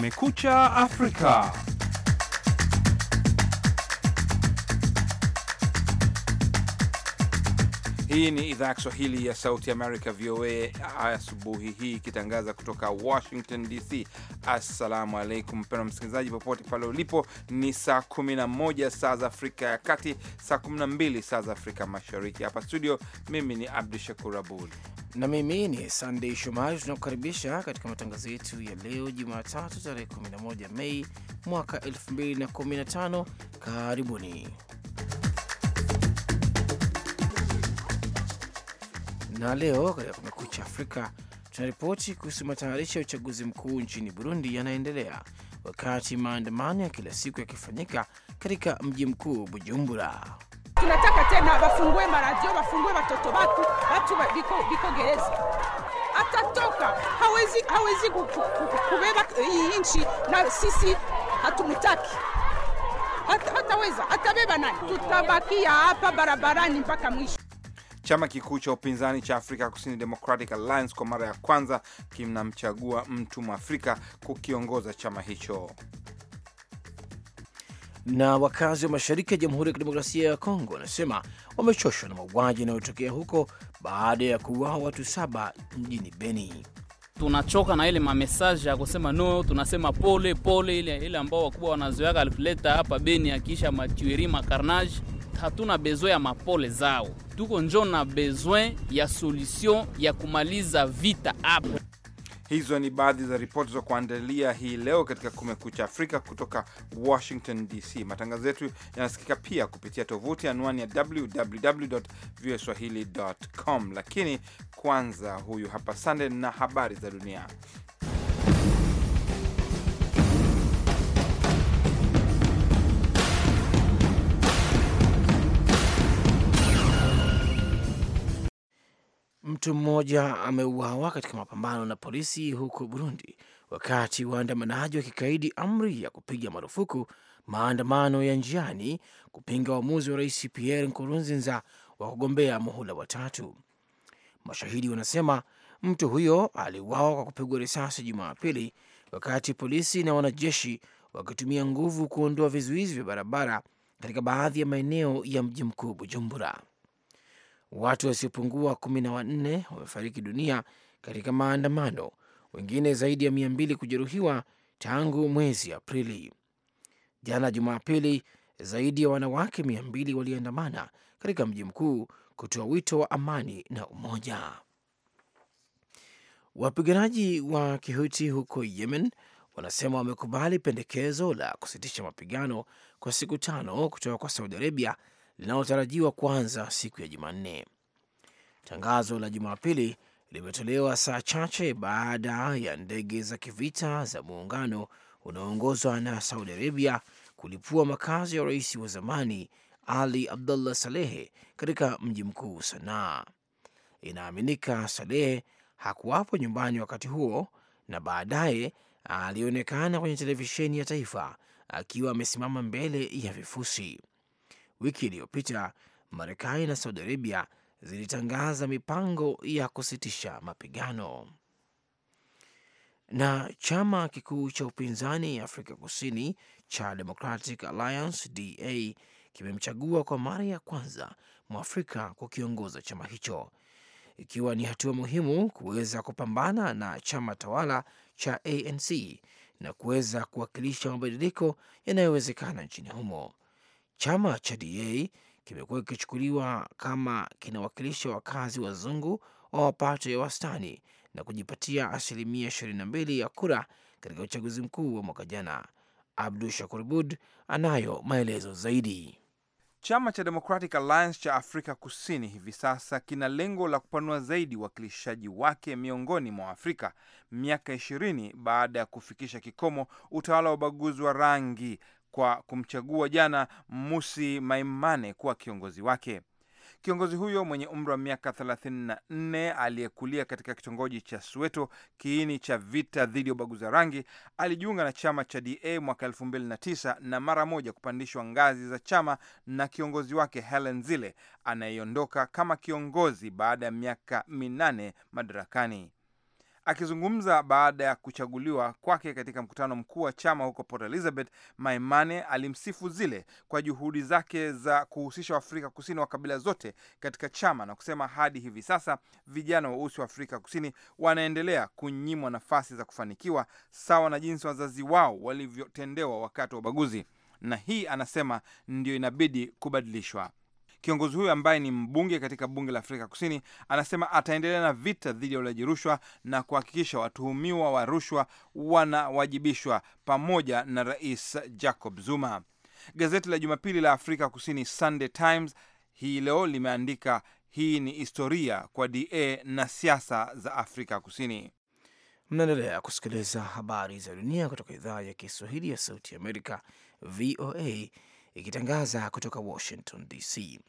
Kumekucha Afrika. Hii ni idhaa ya Kiswahili ya Sauti Amerika, VOA, asubuhi hii ikitangaza kutoka Washington DC. Assalamu alaikum mpendwa msikilizaji, popote pale ulipo. Ni saa 11 saa za Afrika ya Kati, saa 12 saa za Afrika Mashariki. Hapa studio, mimi ni Abdu Shakur Abud na mimi ni Sandei Shomari. Tunakukaribisha katika matangazo yetu ya leo Jumatatu, tarehe 11 Mei mwaka 2015. Karibuni. Na leo katika Kumekucha Afrika tunaripoti kuhusu matayarisho ya uchaguzi mkuu nchini Burundi yanaendelea, wakati maandamano ya kila siku yakifanyika katika mji mkuu Bujumbura. Tunataka tena wafungue maradio, wafungue watoto watu watu biko gereza atatoka hawezi, hawezi kubeba hii nchi na sisi hatumutaki, hataweza. Atabeba nani? Tutabakia hapa barabarani mpaka mwisho. Chama kikuu cha upinzani cha Afrika Kusini, Democratic Alliance, kwa mara ya kwanza kinamchagua mtu mwafrika kukiongoza chama hicho. Na wakazi wa mashariki ya Jamhuri ya Kidemokrasia ya Kongo wanasema wamechoshwa na mauaji yanayotokea huko baada ya kuuawa watu saba mjini Beni. Tunachoka na ile mamesaje ya kusema no, tunasema pole pole, ile ile ambao wakubwa wanazoeaka alifuleta hapa Beni, akiisha matueri makarnage hatuna besoin ya mapole zao, tuko njo na besoin ya solution ya kumaliza vita hapo. Hizo ni baadhi za ripoti za kuandalia hii leo katika Kumekucha Afrika kutoka Washington DC. Matangazo yetu yanasikika pia kupitia tovuti anwani ya www voa swahili com. Lakini kwanza, huyu hapa Sande na habari za dunia. Mtu mmoja ameuawa katika mapambano na polisi huko Burundi, wakati waandamanaji wakikaidi amri ya kupiga marufuku maandamano ya njiani kupinga uamuzi wa rais Pierre Nkurunziza wa kugombea muhula watatu Mashahidi wanasema mtu huyo aliuawa kwa kupigwa risasi Jumapili wakati polisi na wanajeshi wakitumia nguvu kuondoa vizuizi vya barabara katika baadhi ya maeneo ya mji mkuu Bujumbura watu wasiopungua kumi na wanne wamefariki dunia katika maandamano, wengine zaidi ya mia mbili kujeruhiwa tangu mwezi Aprili. Jana Jumapili, zaidi ya wanawake mia mbili waliandamana katika mji mkuu kutoa wito wa amani na umoja. Wapiganaji wa kihuti huko Yemen wanasema wamekubali pendekezo la kusitisha mapigano kwa siku tano kutoka kwa Saudi Arabia linalotarajiwa kuanza siku ya Jumanne. Tangazo la Jumapili limetolewa saa chache baada ya ndege za kivita za muungano unaoongozwa na Saudi Arabia kulipua makazi ya rais wa zamani Ali Abdullah Salehe katika mji mkuu Sanaa. Inaaminika Salehe hakuwapo nyumbani wakati huo, na baadaye alionekana kwenye televisheni ya taifa akiwa amesimama mbele ya vifusi. Wiki iliyopita Marekani na Saudi Arabia zilitangaza mipango ya kusitisha mapigano. Na chama kikuu cha upinzani Afrika Kusini cha Democratic Alliance DA kimemchagua kwa mara ya kwanza Mwafrika kukiongoza chama hicho ikiwa ni hatua muhimu kuweza kupambana na chama tawala cha ANC na kuweza kuwakilisha mabadiliko yanayowezekana nchini humo. Chama cha DA kimekuwa kikichukuliwa kama kinawakilisha wakazi wazungu wa mapato ya wastani na kujipatia asilimia 22 ya kura katika uchaguzi mkuu wa mwaka jana. Abdu Shakur Bud anayo maelezo zaidi. Chama cha Democratic Alliance cha Afrika Kusini hivi sasa kina lengo la kupanua zaidi uwakilishaji wake miongoni mwa Afrika miaka 20 baada ya kufikisha kikomo utawala wa ubaguzi wa rangi kwa kumchagua jana Musi Maimane kuwa kiongozi wake. Kiongozi huyo mwenye umri wa miaka 34 aliyekulia katika kitongoji cha Sweto, kiini cha vita dhidi ya ubaguzi wa rangi, alijiunga na chama cha DA mwaka 2009 na mara moja kupandishwa ngazi za chama na kiongozi wake Helen Zille anayeondoka kama kiongozi baada ya miaka minane madarakani. Akizungumza baada ya kuchaguliwa kwake katika mkutano mkuu wa chama huko Port Elizabeth, Maimane alimsifu Zile kwa juhudi zake za kuhusisha Waafrika Kusini wa kabila zote katika chama na kusema hadi hivi sasa vijana weusi wa Afrika Kusini wanaendelea kunyimwa nafasi za kufanikiwa sawa na jinsi wazazi wao walivyotendewa wakati wa ubaguzi, na hii anasema ndio inabidi kubadilishwa. Kiongozi huyo ambaye ni mbunge katika bunge la Afrika Kusini anasema ataendelea na vita dhidi ya ulaji rushwa na kuhakikisha watuhumiwa wa rushwa wanawajibishwa pamoja na Rais Jacob Zuma. Gazeti la Jumapili la Afrika Kusini Sunday Times hii leo limeandika hii ni historia kwa DA na siasa za Afrika Kusini. Mnaendelea kusikiliza habari za dunia kutoka idhaa ya Kiswahili ya Sauti ya Amerika, VOA, ikitangaza kutoka Washington DC.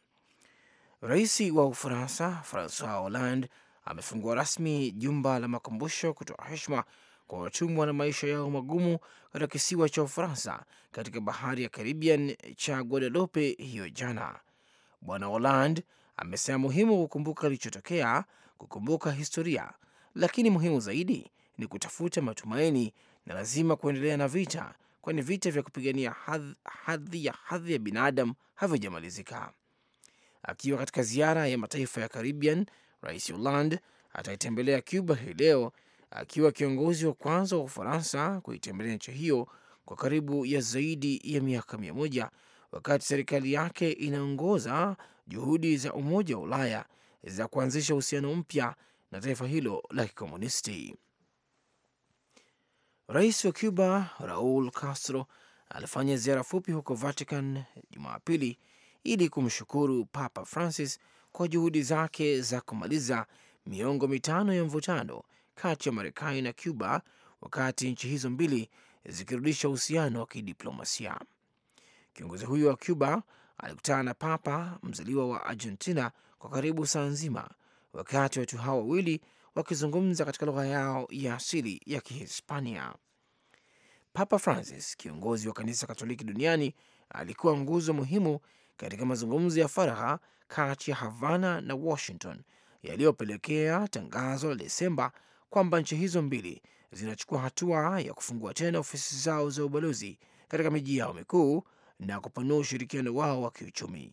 Rais wa Ufaransa Francois Hollande amefungua rasmi jumba la makumbusho kutoa heshima kwa watumwa na maisha yao magumu katika kisiwa cha Ufaransa katika bahari ya Caribbean cha Guadeloupe hiyo jana. Bwana Hollande amesema muhimu kukumbuka kilichotokea, kukumbuka historia, lakini muhimu zaidi ni kutafuta matumaini na lazima kuendelea na vita, kwani vita vya kupigania hadhi ya hadhi ya binadamu havijamalizika. Akiwa katika ziara ya mataifa ya Caribbean, Rais Hollande ataitembelea Cuba hii leo, akiwa kiongozi wa kwanza wa Ufaransa kuitembelea nchi hiyo kwa karibu ya zaidi ya miaka mia moja wakati serikali yake inaongoza juhudi za Umoja wa Ulaya za kuanzisha uhusiano mpya na taifa hilo la kikomunisti. Rais wa Cuba Raul Castro alifanya ziara fupi huko Vatican Jumapili ili kumshukuru Papa Francis kwa juhudi zake za kumaliza miongo mitano ya mvutano kati ya Marekani na Cuba, wakati nchi hizo mbili zikirudisha uhusiano wa kidiplomasia. Kiongozi huyo wa Cuba alikutana na Papa mzaliwa wa Argentina kwa karibu saa nzima, wakati watu hao wawili wakizungumza katika lugha yao ya asili ya Kihispania. Papa Francis, kiongozi wa kanisa Katoliki duniani, alikuwa nguzo muhimu katika mazungumzo ya faraha kati ya Havana na Washington yaliyopelekea tangazo la Desemba kwamba nchi hizo mbili zinachukua hatua ya kufungua tena ofisi zao za ubalozi katika miji yao mikuu na kupanua ushirikiano wao wa kiuchumi.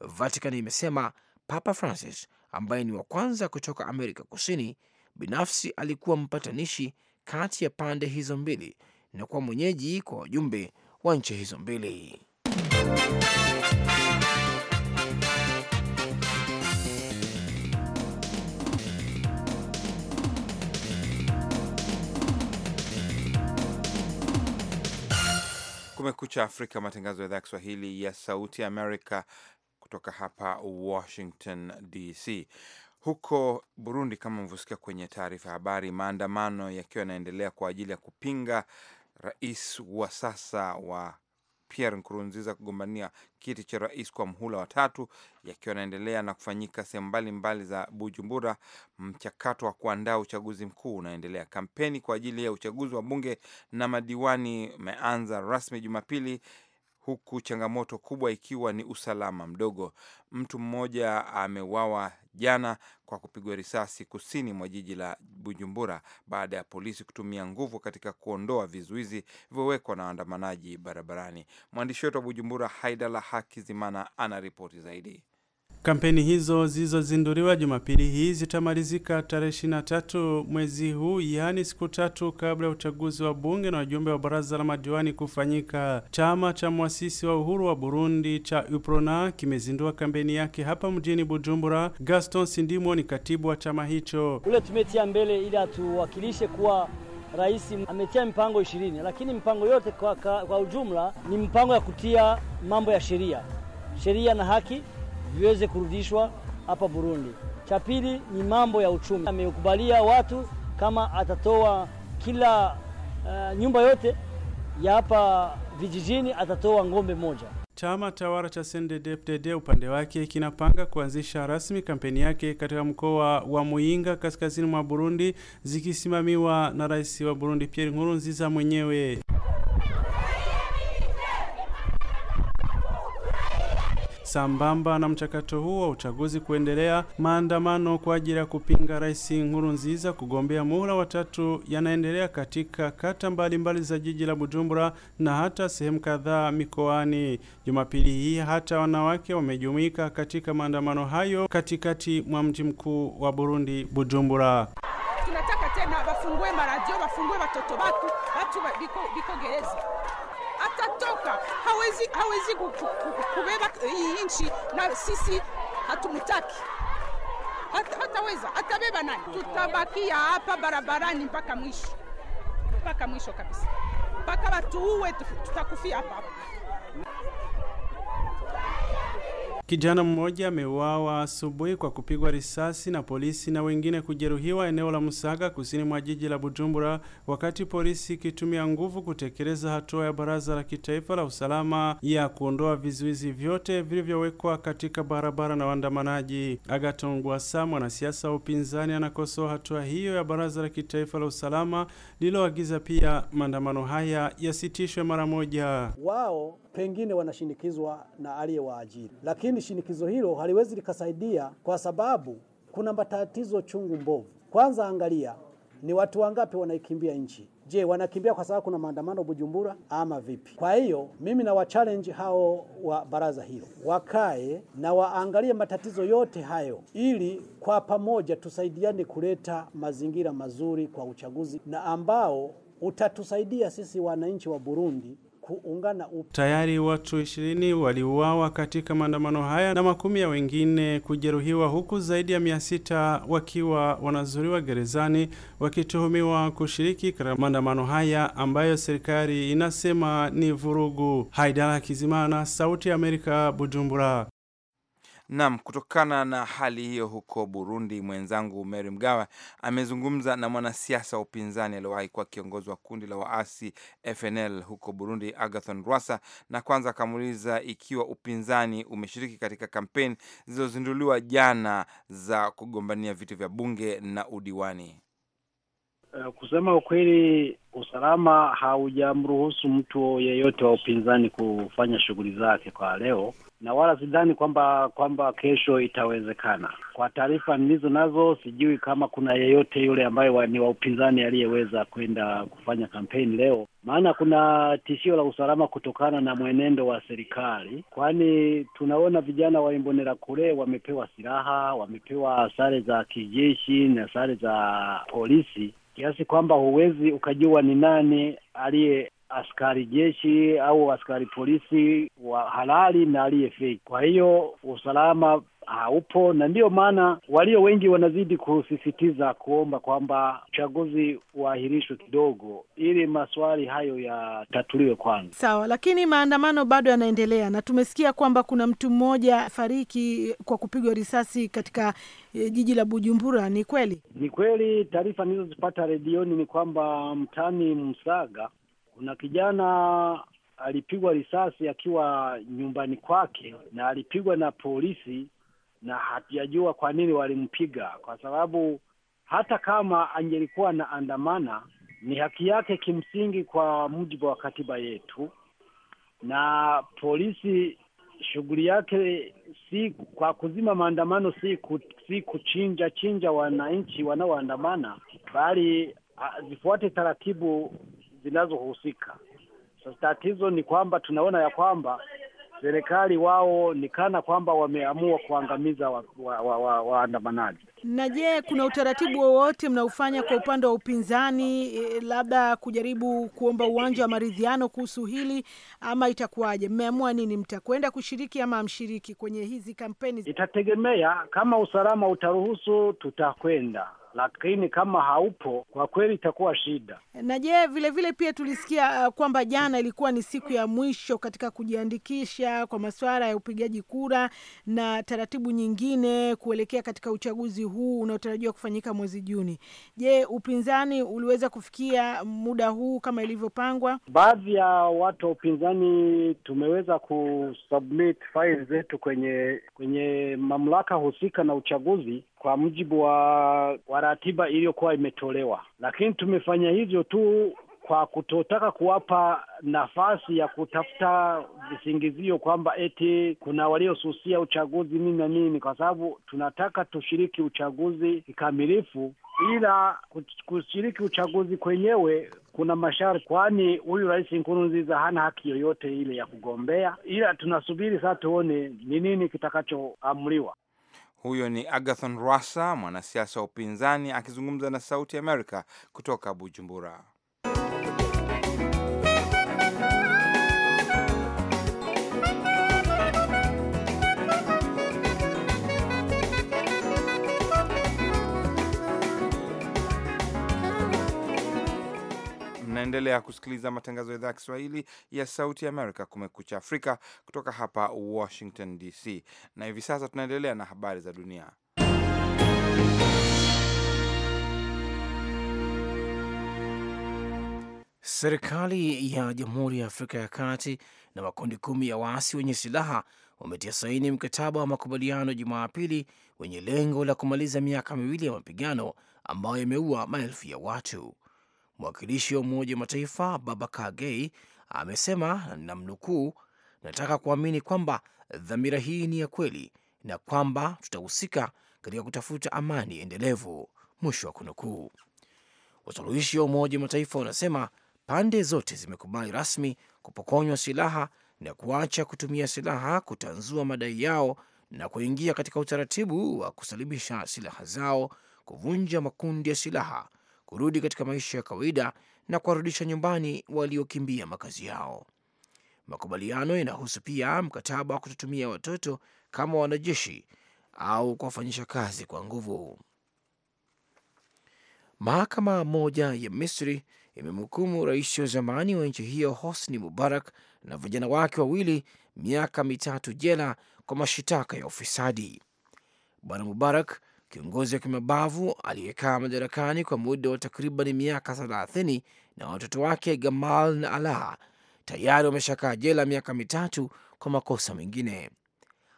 Vatican imesema Papa Francis ambaye ni wa kwanza kutoka Amerika Kusini binafsi alikuwa mpatanishi kati ya pande hizo mbili na kuwa mwenyeji kwa wajumbe wa nchi hizo mbili. Kumekucha Afrika, matangazo ya idhaa ya Kiswahili ya Sauti Amerika kutoka hapa Washington DC. Huko Burundi, kama mvyosikia kwenye taarifa ya habari, maandamano yakiwa yanaendelea kwa ajili ya kupinga rais wa sasa wa Pierre Nkurunziza kugombania kiti cha rais kwa mhula wa tatu, yakiwa yanaendelea na kufanyika sehemu mbalimbali za Bujumbura. Mchakato wa kuandaa uchaguzi mkuu unaendelea. Kampeni kwa ajili ya uchaguzi wa bunge na madiwani umeanza rasmi Jumapili huku changamoto kubwa ikiwa ni usalama mdogo. Mtu mmoja amewawa jana kwa kupigwa risasi kusini mwa jiji la Bujumbura baada ya polisi kutumia nguvu katika kuondoa vizuizi vilivyowekwa na waandamanaji barabarani. Mwandishi wetu wa Bujumbura, Haidala Hakizimana, ana ripoti zaidi. Kampeni hizo zilizozinduliwa Jumapili hii zitamalizika tarehe 23 mwezi huu, yaani siku tatu kabla ya uchaguzi wa bunge na wajumbe wa baraza la madiwani kufanyika. Chama cha mwasisi wa uhuru wa Burundi cha UPRONA kimezindua kampeni yake hapa mjini Bujumbura. Gaston Sindimo ni katibu wa chama hicho. Ule tumetia mbele ili atuwakilishe kuwa rais ametia mipango ishirini, lakini mipango yote kwa, kwa ujumla ni mipango ya kutia mambo ya sheria, sheria na haki viweze kurudishwa hapa Burundi. Cha pili ni mambo ya uchumi, amekubalia watu kama atatoa kila uh, nyumba yote ya hapa vijijini atatoa ng'ombe moja. Chama tawala cha CNDD-FDD upande wake kinapanga kuanzisha rasmi kampeni yake katika mkoa wa Muyinga kaskazini mwa Burundi zikisimamiwa na rais wa Burundi Pierre Nkurunziza mwenyewe. Sambamba na mchakato huo wa uchaguzi kuendelea, maandamano kwa ajili ya kupinga Rais Nkurunziza kugombea muhula watatu yanaendelea katika kata mbalimbali za jiji la Bujumbura na hata sehemu kadhaa mikoani. Jumapili hii hata wanawake wamejumuika katika maandamano hayo katikati mwa mji mkuu wa Burundi, Bujumbura. Tunataka tena bafungue maradio, bafungue watoto batu batu biko gereza anatoka, hawezi hawezi kubeba hii nchi, na sisi hatumtaki hata, hataweza atabeba nani? Tutabakia hapa barabarani mpaka mwisho, mpaka mwisho kabisa, mpaka watuuwe, tutakufia hapa hapa. Kijana mmoja ameuawa asubuhi kwa kupigwa risasi na polisi na wengine kujeruhiwa eneo la Musaga kusini mwa jiji la Bujumbura, wakati polisi ikitumia nguvu kutekeleza hatua ya Baraza la Kitaifa la Usalama ya kuondoa vizuizi vyote vilivyowekwa katika barabara na waandamanaji. Agathon Rwasa, mwanasiasa wa upinzani, anakosoa hatua hiyo ya Baraza la Kitaifa la Usalama lililoagiza pia maandamano haya yasitishwe mara moja. Wao pengine wanashinikizwa na aliyewaajiri, lakini shinikizo hilo haliwezi likasaidia, kwa sababu kuna matatizo chungu mbovu. Kwanza angalia ni watu wangapi wanaikimbia nchi. Je, wanakimbia kwa sababu kuna maandamano Bujumbura ama vipi? Kwa hiyo mimi na wachallenge hao wa baraza hilo wakae na waangalie matatizo yote hayo, ili kwa pamoja tusaidiane kuleta mazingira mazuri kwa uchaguzi na ambao utatusaidia sisi wananchi wa Burundi kuungana upya. Tayari watu ishirini waliuawa katika maandamano haya na makumi ya wengine kujeruhiwa, huku zaidi ya mia sita wakiwa wanazuriwa gerezani wakituhumiwa kushiriki katika maandamano haya ambayo serikali inasema ni vurugu. Haidara Kizimana, Sauti ya Amerika, Bujumbura. Naam, kutokana na hali hiyo huko Burundi, mwenzangu Mary Mgawe amezungumza na mwanasiasa wa upinzani aliyewahi kuwa kiongozi wa kundi la waasi FNL huko Burundi, Agathon Rwasa, na kwanza akamuuliza ikiwa upinzani umeshiriki katika kampeni zilizozinduliwa jana za kugombania viti vya bunge na udiwani. Eh, kusema ukweli, usalama haujamruhusu mtu yeyote wa upinzani kufanya shughuli zake kwa leo na wala sidhani kwamba kwamba kesho itawezekana. Kwa taarifa nilizo nazo, sijui kama kuna yeyote yule ambaye wa, ni wa upinzani aliyeweza kwenda kufanya kampeni leo, maana kuna tishio la usalama kutokana na mwenendo wa serikali, kwani tunaona vijana wa kule wamepewa silaha, wamepewa sare za kijeshi na sare za polisi kiasi kwamba huwezi ukajua ni nani aliye askari jeshi au askari polisi wa halali na aliye fake. Kwa hiyo usalama haupo na ndiyo maana walio wengi wanazidi kusisitiza kuomba kwamba uchaguzi uahirishwe kidogo, ili maswali hayo yatatuliwe kwanza. Sawa, lakini maandamano bado yanaendelea, na tumesikia kwamba kuna mtu mmoja fariki kwa kupigwa risasi katika e, jiji la Bujumbura. Ni kweli? Ni kweli, taarifa nilizozipata redioni ni kwamba mtani Msaga kuna kijana alipigwa risasi akiwa nyumbani kwake, na alipigwa na polisi, na hatujajua kwa nini walimpiga, kwa sababu hata kama angelikuwa na andamana ni haki yake kimsingi kwa mujibu wa katiba yetu, na polisi shughuli yake si kwa kuzima maandamano, si, ku, si kuchinja chinja wananchi wanaoandamana, bali zifuate taratibu zinazohusika. Sasa tatizo ni kwamba tunaona ya kwamba serikali wao ni kana kwamba wameamua kuangamiza waandamanaji wa, wa, wa. Na je, kuna utaratibu wowote mnaofanya kwa upande wa upinzani, e, labda kujaribu kuomba uwanja wa maridhiano kuhusu hili ama itakuwaje? Mmeamua nini? Mtakwenda kushiriki ama mshiriki kwenye hizi kampeni? Itategemea kama usalama utaruhusu, tutakwenda lakini kama haupo kwa kweli itakuwa shida. Na je, vilevile pia tulisikia uh, kwamba jana ilikuwa ni siku ya mwisho katika kujiandikisha kwa masuala ya upigaji kura na taratibu nyingine kuelekea katika uchaguzi huu unaotarajiwa kufanyika mwezi Juni. Je, upinzani uliweza kufikia muda huu kama ilivyopangwa? Baadhi ya watu wa upinzani tumeweza kusubmit faili zetu kwenye kwenye mamlaka husika na uchaguzi kwa mujibu wa, wa ratiba iliyokuwa imetolewa, lakini tumefanya hivyo tu kwa kutotaka kuwapa nafasi ya kutafuta visingizio kwamba eti kuna waliosusia uchaguzi nini na nini, kwa sababu tunataka tushiriki uchaguzi kikamilifu, ila kushiriki uchaguzi kwenyewe kuna masharti, kwani huyu Rais Nkurunziza hana haki yoyote ile ya kugombea, ila tunasubiri sasa tuone ni nini kitakachoamriwa. Huyo ni Agathon Rwasa, mwanasiasa wa upinzani akizungumza na Sauti Amerika kutoka Bujumbura. Unaendelea kusikiliza matangazo ya idhaa ya Kiswahili ya Sauti Amerika, Kumekucha Afrika, kutoka hapa Washington DC. Na hivi sasa tunaendelea na habari za dunia. Serikali ya Jamhuri ya Afrika ya Kati na makundi kumi ya waasi wenye silaha wametia saini mkataba wa makubaliano Jumapili wenye lengo la kumaliza miaka miwili ya mapigano ambayo yameua maelfu ya watu. Mwakilishi wa Umoja wa Mataifa Babakar Gay amesema namnukuu, nataka kuamini kwamba dhamira hii ni ya kweli na kwamba tutahusika katika kutafuta amani endelevu, mwisho wa kunukuu. Wasuluhishi wa Umoja wa Mataifa wanasema pande zote zimekubali rasmi kupokonywa silaha na kuacha kutumia silaha kutanzua madai yao na kuingia katika utaratibu wa kusalimisha silaha zao, kuvunja makundi ya silaha kurudi katika maisha ya kawaida na kuwarudisha nyumbani waliokimbia makazi yao. Makubaliano yanahusu pia mkataba wa kutotumia watoto kama wanajeshi au kuwafanyisha kazi kwa nguvu. Mahakama moja ya Misri imemhukumu rais wa zamani wa nchi hiyo Hosni Mubarak na vijana wake wawili miaka mitatu jela kwa mashitaka ya ufisadi. Bwana Mubarak kiongozi wa kimabavu aliyekaa madarakani kwa muda wa takriban miaka thelathini na watoto wake Gamal na Alaa tayari wameshakaa jela miaka mitatu kwa makosa mengine.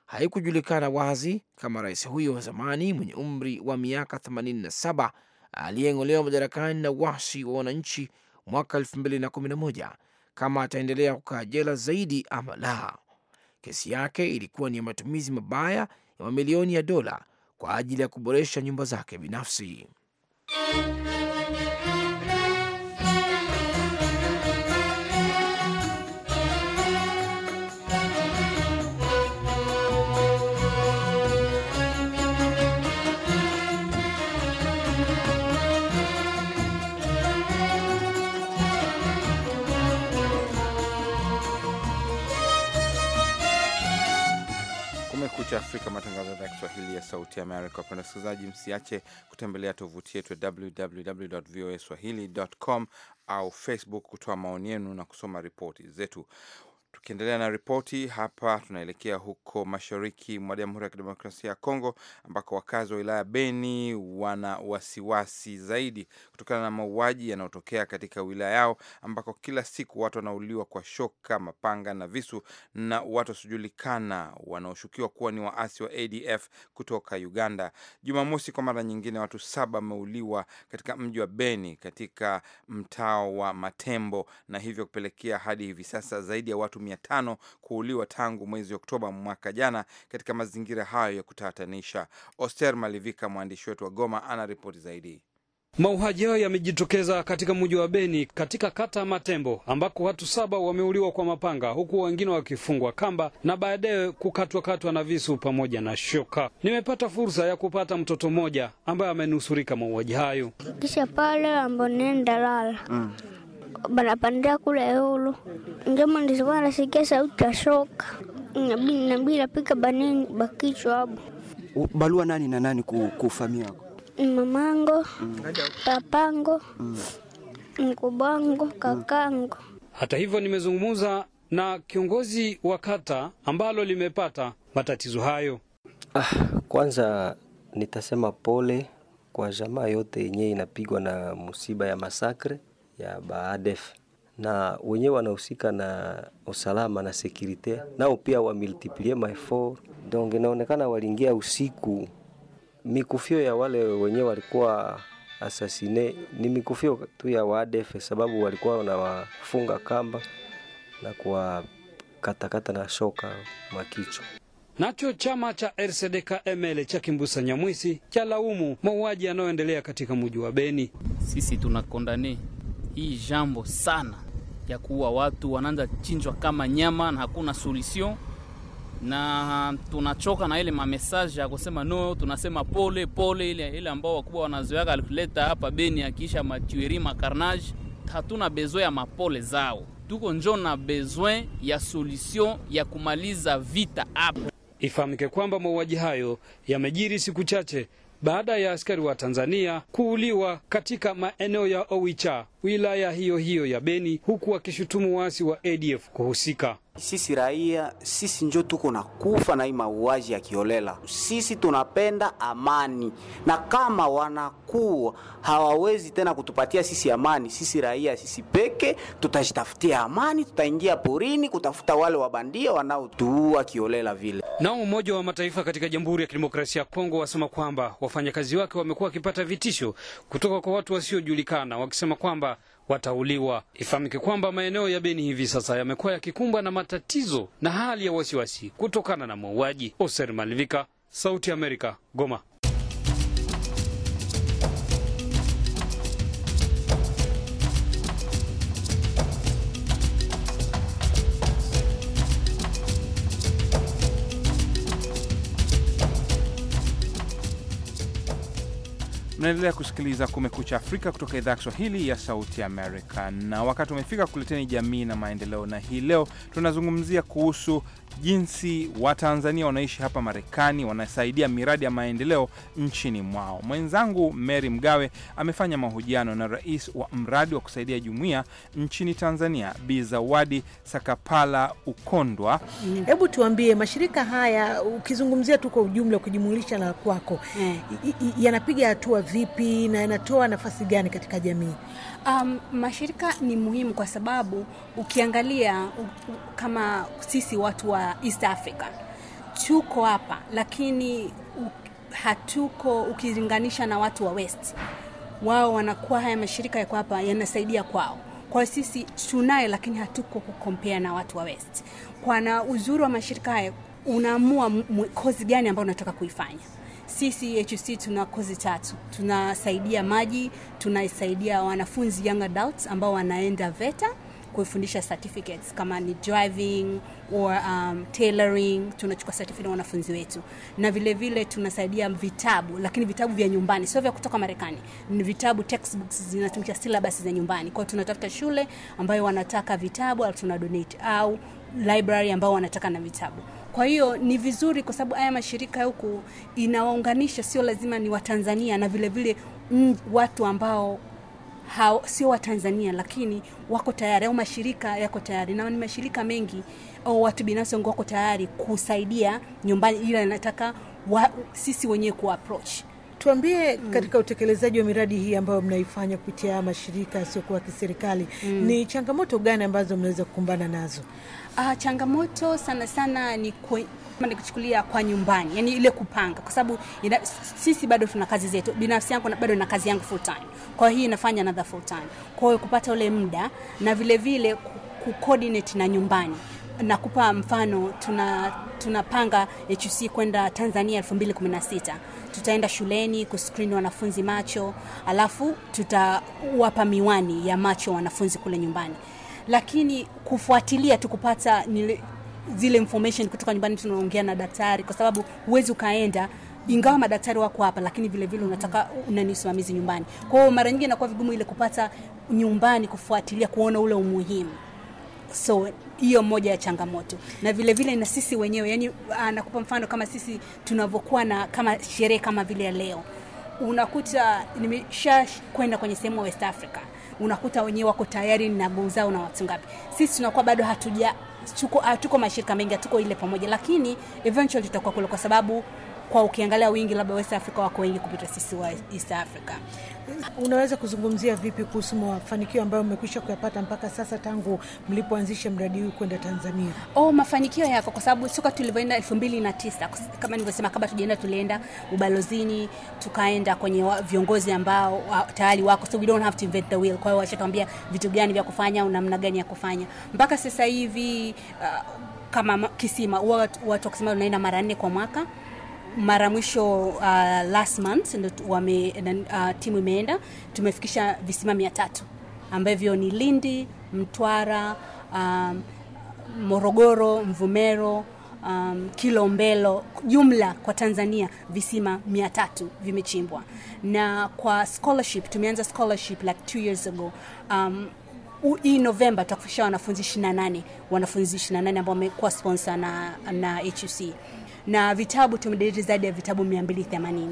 Haikujulikana wazi kama rais huyo wa zamani mwenye umri wa miaka 87 aliyeng'olewa madarakani na washi wa wananchi mwaka 2011 kama ataendelea kukaa jela zaidi ama la. Kesi yake ilikuwa ni ya matumizi mabaya ya mamilioni ya dola kwa ajili ya kuboresha nyumba zake binafsi. Afrika, matangazo ya idhaa Kiswahili ya Sauti Amerika. Wapenda wasikilizaji, msiache kutembelea tovuti yetu ya www voa swahili com au Facebook kutoa maoni yenu na kusoma ripoti zetu. Tukiendelea na ripoti hapa, tunaelekea huko mashariki mwa Jamhuri ya Kidemokrasia ya Kongo ambako wakazi wa wilaya Beni wana wasiwasi zaidi kutokana na mauaji yanayotokea katika wilaya yao ambako kila siku watu wanauliwa kwa shoka, mapanga na visu na watu wasiojulikana wanaoshukiwa kuwa ni waasi wa ADF kutoka Uganda. Jumamosi kwa mara nyingine, watu saba wameuliwa katika mji wa Beni katika mtaa wa Matembo, na hivyo kupelekea hadi hivi sasa zaidi ya watu mia tano kuuliwa tangu mwezi Oktoba mwaka jana katika mazingira hayo ya kutatanisha. Oster Malivika, mwandishi wetu wa Goma, ana ripoti zaidi. Mauaji hayo yamejitokeza katika mji wa Beni katika kata ya Matembo ambako watu saba wameuliwa kwa mapanga huku wengine wakifungwa kamba na baadaye kukatwakatwa na visu pamoja na shoka. Nimepata fursa ya kupata mtoto mmoja ambaye amenusurika mauaji hayo. Kisha pale nenda lala mm banapandia kula eulu njema ndizikuwa nasikia sauti ya shoka nabii nabii napika banini bakichwa abo balua nani na nani kufamia ku mamango mm. papango mm. mkubwango mm. kakango hata hivyo nimezungumza na kiongozi wa kata ambalo limepata matatizo hayo ah, kwanza nitasema pole kwa jamaa yote yenyewe inapigwa na musiba ya masakre ya Baadef na wenyewe wanahusika na usalama na sekurite, nao pia wamultiplie maefort donc inaonekana waliingia usiku. Mikufio ya wale wenyewe walikuwa asasine ni mikufio tu ya Waadef, sababu walikuwa wanawafunga kamba na kuwakatakata na shoka makicho. Nacho chama cha RCDK ml cha Kimbusa Nyamwisi cha laumu mauaji yanayoendelea katika mji wa Beni. Sisi tunakondani hii jambo sana ya kuwa watu, wanaanza chinjwa kama nyama na hakuna solution, na tunachoka na ile mamesaje ya kusema no, tunasema pole pole, ile ile ambao wakubwa wanazoeaka alileta hapa Beni, akiisha matueri makarnage. Hatuna besoin ya mapole zao, tuko njo na besoin ya solution ya kumaliza vita hapa. Ifahamike kwamba mauaji hayo yamejiri siku chache baada ya askari wa Tanzania kuuliwa katika maeneo ya Owicha wilaya hiyo hiyo ya Beni, huku wakishutumu waasi wa ADF kuhusika. Sisi raia sisi njo tuko na kufa na hii mauaji ya kiolela. Sisi tunapenda amani, na kama wanakuwa hawawezi tena kutupatia sisi amani, sisi raia sisi peke tutajitafutia amani, tutaingia porini kutafuta wale wabandia wanaotuua kiolela vile. Nao Umoja wa Mataifa katika Jamhuri ya Kidemokrasia ya Kongo wasema kwamba wafanyakazi wake wamekuwa wakipata vitisho kutoka kwa watu wasiojulikana, wakisema kwamba watauliwa. Ifahamike kwamba maeneo ya Beni hivi sasa yamekuwa yakikumbwa na matatizo na hali ya wasiwasi kutokana na mauaji. Oser Malivika, Sauti ya Amerika, Goma. unaendelea kusikiliza Kumekucha Afrika kutoka idhaa ya Kiswahili ya Sauti Amerika, na wakati umefika kuleteni Jamii na Maendeleo, na hii leo tunazungumzia kuhusu jinsi Watanzania wanaishi hapa Marekani, wanasaidia miradi ya maendeleo nchini mwao. Mwenzangu Mary Mgawe amefanya mahojiano na rais wa mradi wa kusaidia jumuiya nchini Tanzania, Bi Zawadi Sakapala Ukondwa. Mm. Hebu tuambie, mashirika haya ukizungumzia tu kwa ujumla, ukijumulisha na kwako, mm. yanapiga hatua vipi na yanatoa nafasi gani katika jamii? Um, mashirika ni muhimu kwa sababu ukiangalia u, u, kama sisi watu wa East Africa tuko hapa lakini u, hatuko ukilinganisha na watu wa West. Wao wanakuwa haya mashirika yako hapa yanasaidia kwao. Kwa sisi tunaye lakini hatuko kukompea na watu wa West. Kwa na uzuri wa mashirika haya unaamua kozi gani ambayo unataka kuifanya sisi HUC tuna kozi tatu, tunasaidia maji, tunasaidia wanafunzi young adults ambao wanaenda VETA kufundisha certificates kama ni driving or um, tailoring, tunachukua certificate na wanafunzi wetu, na vile vile tunasaidia vitabu, lakini vitabu vya nyumbani, sio vya kutoka Marekani, ni vitabu textbooks, zinatumika syllabus za nyumbani. Kwa hiyo tunatafuta shule ambayo wanataka vitabu, tuna donate au library ambao wanataka na vitabu kwa hiyo ni vizuri, kwa sababu haya mashirika huku inawaunganisha, sio lazima ni Watanzania na vilevile vile watu ambao hao sio Watanzania lakini wako tayari au mashirika yako tayari, na ni mashirika mengi au watu binafsi wako tayari kusaidia nyumbani, ila nataka wa, sisi wenyewe kuapproach Tuambie mm. katika utekelezaji wa miradi hii ambayo mnaifanya kupitia mashirika yasiyokuwa kiserikali mm. ni changamoto gani ambazo mnaweza kukumbana nazo? Uh, changamoto sana sana ni kwe nikuchukulia kwa nyumbani, yani ile kupanga, kwa sababu sisi bado tuna kazi zetu binafsi. Yangu bado na kazi yangu full time, kwa hiyo inafanya another full time, kwa hiyo kupata ule muda na vilevile kukoordinate na nyumbani nakupa mfano tuna tunapanga HUC kwenda Tanzania 2016 tutaenda shuleni kuskrini wanafunzi macho alafu tutawapa miwani ya macho wanafunzi kule nyumbani lakini kufuatilia tu kupata nile, zile information kutoka nyumbani tunaongea na daktari kwa sababu huwezi ukaenda ingawa madaktari wako hapa lakini vile vile unataka unanisimamizi nyumbani kwa hiyo mara nyingi inakuwa vigumu ile kupata nyumbani kufuatilia kuona ule umuhimu so hiyo moja ya changamoto na vile vile na sisi wenyewe yani anakupa ah, mfano kama sisi tunavyokuwa na kama sherehe kama vile leo unakuta nimesha kwenda kwenye sehemu ya west africa unakuta wenyewe wako tayari na guu zao na watu ngapi sisi tunakuwa bado hatuja tuko, mashirika mengi hatuko ile pamoja lakini eventually tutakuwa kule kwa sababu kwa ukiangalia wingi labda West Africa wako wengi kupita sisi wa East Africa. Unaweza kuzungumzia vipi kuhusu mafanikio ambayo mmekwisha kuyapata mpaka sasa tangu mlipoanzisha mradi huu kwenda Tanzania? Oh, mafanikio yako kwa sababu suka tulivyoenda 2009 kama nilivyosema, kabla tujaenda tulienda ubalozini, tukaenda kwenye wa, viongozi ambao wa, tayari wako, so we don't have to invent the wheel. Kwa hiyo washatwambia vitu gani vya kufanya au namna gani ya kufanya mpaka sasa hivi uh, kama kisima watu, watu wakisema tunaenda mara nne kwa mwaka mara mwisho uh, last month ndo wame, uh, timu imeenda tumefikisha visima mia tatu ambavyo ni Lindi, Mtwara, um, Morogoro, Mvumero, um, kilombelo Jumla kwa Tanzania visima mia tatu vimechimbwa, na kwa scholarship tumeanza scholarship like two years ago um, hii Novemba tutakufikisha wanafunzi 28 wanafunzi 28 ambao wamekuwa sponsor na, na HUC na vitabu tumedeliver zaidi ya vitabu 280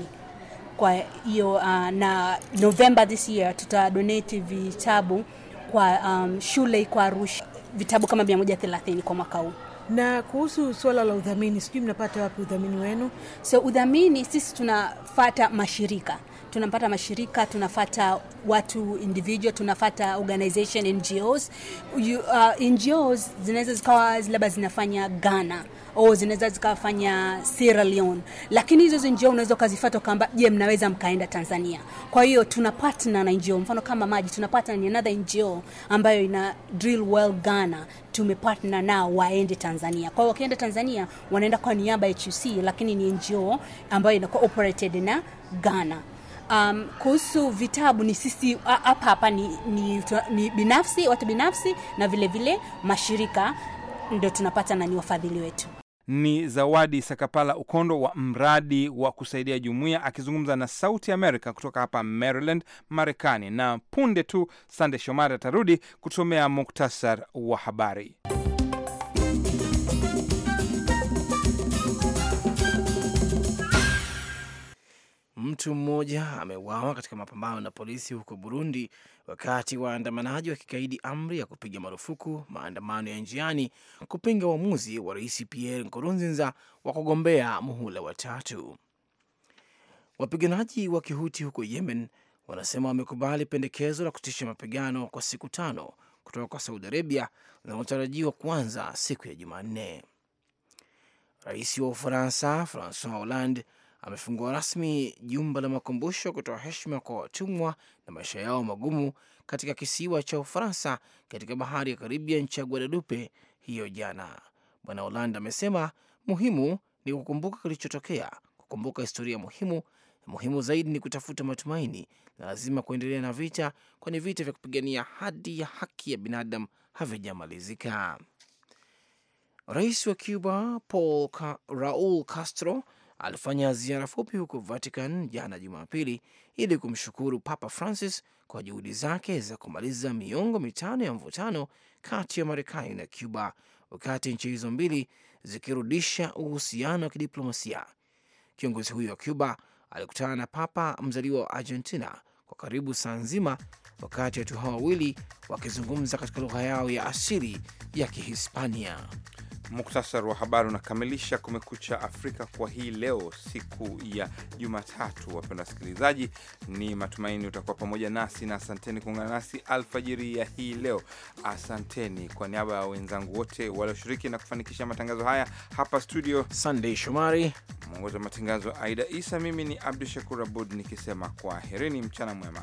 kwa hiyo uh, na November this year tuta donate vitabu kwa um, shule kwa Arusha vitabu kama 130 kwa mwaka huu. Na kuhusu suala la udhamini, sijui mnapata wapi udhamini wenu? So udhamini sisi tunafata mashirika tunapata mashirika, tunafata watu individual, tunafata organization NGOs. You, uh, NGOs zinaweza zikawa labda zinafanya Ghana au zinaweza zikafanya Sierra Leone, lakini hizo NGO unaweza ukazifuata ukaamba, je, mnaweza mkaenda Tanzania? Kwa hiyo tuna partner na NGO, mfano kama maji tuna partner ni another NGO ambayo ina drill well Ghana, tumepartner nao waende Tanzania. Kwa hiyo wakienda Tanzania wanaenda kwa niaba ya HUC, lakini ni NGO ambayo inakuwa operated na Ghana um, kuhusu vitabu ni sisi hapa hapa ni, ni, ni binafsi watu binafsi na vilevile vile, mashirika ndo tunapata na ni wafadhili wetu ni zawadi sakapala ukondo wa mradi wa kusaidia jumuiya akizungumza na sauti amerika kutoka hapa maryland marekani na punde tu sande shomari atarudi kutomea muktasar wa habari Mtu mmoja ameuawa katika mapambano na polisi huko Burundi wakati waandamanaji wakikaidi amri ya kupiga marufuku maandamano ya njiani kupinga uamuzi wa rais Pierre Nkurunziza wa kugombea muhula wa tatu. Wapiganaji wa Kihuti huko Yemen wanasema wamekubali pendekezo la kutisha mapigano kwa siku tano kutoka kwa Saudi Arabia linalotarajiwa kuanza siku ya Jumanne. Rais wa Ufaransa Francois Hollande amefungua rasmi jumba la makumbusho kutoa heshima kwa watumwa na maisha yao magumu katika kisiwa cha Ufaransa katika bahari ya Karibia, nchi ya Guadalupe hiyo jana. Bwana Holand amesema muhimu ni kukumbuka kilichotokea, kukumbuka historia muhimu. Muhimu zaidi ni kutafuta matumaini na lazima kuendelea na vita, kwani vita vya kupigania hadi ya haki ya binadamu havijamalizika. Rais wa Cuba Paul Raul Castro alifanya ziara fupi huko Vatican jana Jumapili ili kumshukuru Papa Francis kwa juhudi zake za kumaliza miongo mitano ya mvutano kati ya Marekani na Cuba, wakati nchi hizo mbili zikirudisha uhusiano wa kidiplomasia. Kiongozi huyo wa Cuba alikutana na Papa mzaliwa wa Argentina kwa karibu saa nzima, wakati watu hao wawili wakizungumza katika lugha yao ya asili ya Kihispania. Muktasari wa habari unakamilisha Kumekucha Afrika kwa hii leo, siku ya Jumatatu. Wapenda wasikilizaji, ni matumaini utakuwa pamoja nasi na asanteni kuungana nasi alfajiri ya hii leo. Asanteni kwa niaba ya wenzangu wote walioshiriki na kufanikisha matangazo haya hapa studio, Sandey Shomari mwongozi wa matangazo, Aida Isa. Mimi ni Abdu Shakur Abud nikisema kwaherini, mchana mwema.